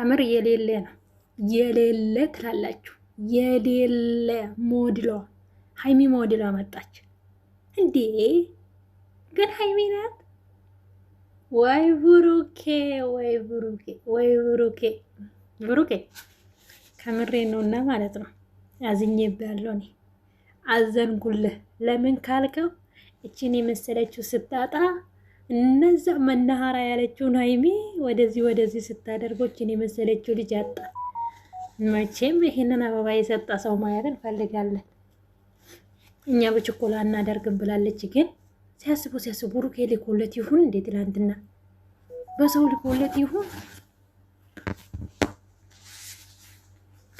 ከምር የሌለ ነው የሌለ ትላላችሁ። የሌለ ሞድሏ ሀይሚ ሞድሏ መጣች እንዴ! ግን ሀይሚ ናት ወይ? ብሩኬ ወይ ብሩኬ ወይ ብሩኬ ብሩኬ ከምሬ ነውና ማለት ነው። አዝኜብሃለሁ። እኔ አዘንጉልህ። ለምን ካልከው እችን የመሰለችው ስታጣ እነዛ መናሃራ ያለችውን ሀይሚ ወደዚህ ወደዚህ ስታደርጎችን የመሰለችው ልጅ አጣ። መቼም ይህንን አበባ የሰጠ ሰው ማየት እንፈልጋለን። እኛ በችኮላ እናደርግም ብላለች። ግን ሲያስቡ ሲያስቡ ሩኬ ልኮለት ይሁን እንዴ? ትላንትና በሰው ልኮለት ይሁን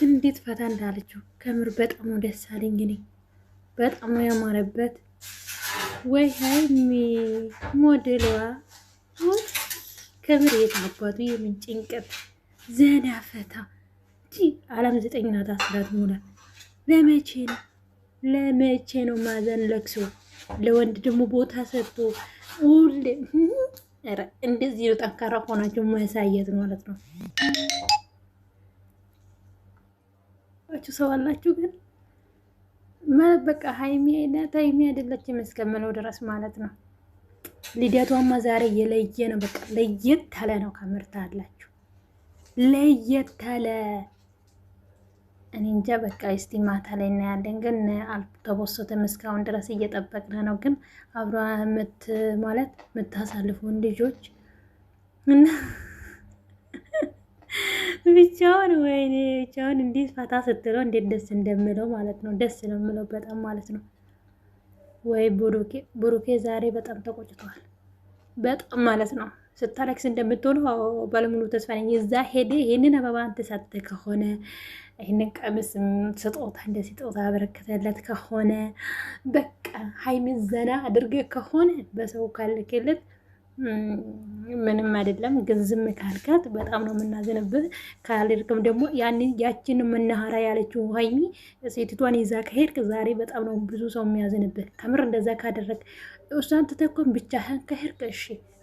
ግን እንዴት ፈታ እንዳለችው ከምር በጣም ነው ደስ አለኝ። እኔ በጣም ነው ያማረበት። ወይ ሀይሚ ሞዴሏ ከምር የታባቱ የምን ጭንቀት ዘና ፈታ ጂ ዓለም ዘጠኝ ናት አስራት ሙላ ለመቼ ነው ለመቼ ነው ማዘን ለቅሶ ለወንድ ደግሞ ቦታ ሰጥቶ ሁሌ እንደዚህ ነው ጠንካራ ሆናችሁ ማሳየት ማለት ነው ሰው አላችሁ ግን በቃ ሀይሚ ናት ሀይሚ አይደለችም እስከምለው ድረስ ማለት ነው። ልደቷማ ዛሬ የለየ ነው። በቃ ለየት ያለ ነው። ከምርት አላችሁ ለየት ያለ እኔ እንጃ። በቃ እስቲ ማታ ላይ እናያለን። ግን አልተቦሰተም እስካሁን ድረስ እየጠበቅን ነው። ግን አብራ ምት ማለት ምታሳልፉን ልጆች እና ብቻውን ወይኔ ብቻውን እንዴት ፈታ ስትለው እንዴት ደስ እንደምለው ማለት ነው። ደስ ነው የምለው በጣም ማለት ነው። ወይ ብሩኬ ብሩኬ ዛሬ በጣም ተቆጭቷል። በጣም ማለት ነው። ስታለክስ እንደምትሆኑ ባለሙሉ ተስፋ ነኝ። እዛ ሄደ ይህንን አበባ አንተ ሰጥተህ ከሆነ ይህንን ቀሚስ ስጦታ እንደ ስጦታ አበረከተለት ከሆነ በቃ ሀይሚ ዘና አድርገህ ከሆነ በሰው ካልክለት ምንም አይደለም፣ ግን ዝም ካልካት በጣም ነው የምናዝንበት። ካልርቅም ደግሞ ያችን ምናሀራ ያለችው ሀይሚ ሴትቷን ይዛ ከሄድክ ዛሬ በጣም ነው ብዙ ሰው የሚያዝንበት። ከምር እንደዛ ካደረግ እሷን ትተኮን ብቻህን ከሄድክ እሺ፣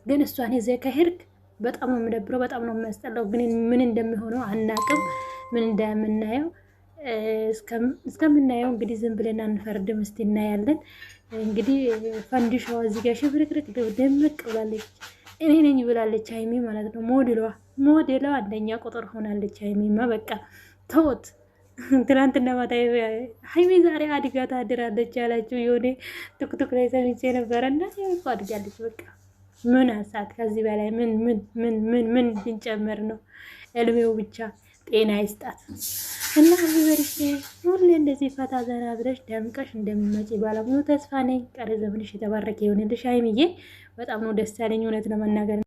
ግን እሷን ይዘ ከሄድክ በጣም ነው የምደብረው፣ በጣም ነው የሚያስጠላው። ግን ምን እንደሚሆነው አናቅም፣ ምን እንደምናየው እስከምናየው እንግዲህ ዝም ብለን አንፈርድም፣ እስቲ እናያለን። እንግዲህ ፈንዲሻዋ እዚህ ጋር ሽብርቅርቅ ደመቅ ብላለች። እኔ ነኝ ብላለች ሀይሚ ማለት ነው። ሞዴሏ ሞዴሏ አንደኛ ቁጥር ሆናለች ሀይሚማ። በቃ ተወት። ትናንትና ማታ ሀይሚ ዛሬ አድጋ ታድራለች ያላችሁ የሆነ ቱክቱክ ላይ ሰሚቼ ነበረ እና እኮ አድጋለች። በቃ ምን አሳት ከዚህ በላይ ምን ምን ምን ምን ምን ልንጨምር ነው? እድሜው ብቻ ጤና ይስጣት እና ሀቢበርሽ ሁሌ እንደዚህ ፈታ ዘና ብለሽ ደምቀሽ እንደምመጪ ባለሙሉ ተስፋ ነኝ። ቀሪ ዘመንሽ የተባረከ የሆነልሽ ሀይሚዬ። በጣም ነው ደስ ያለኝ እውነት ለመናገር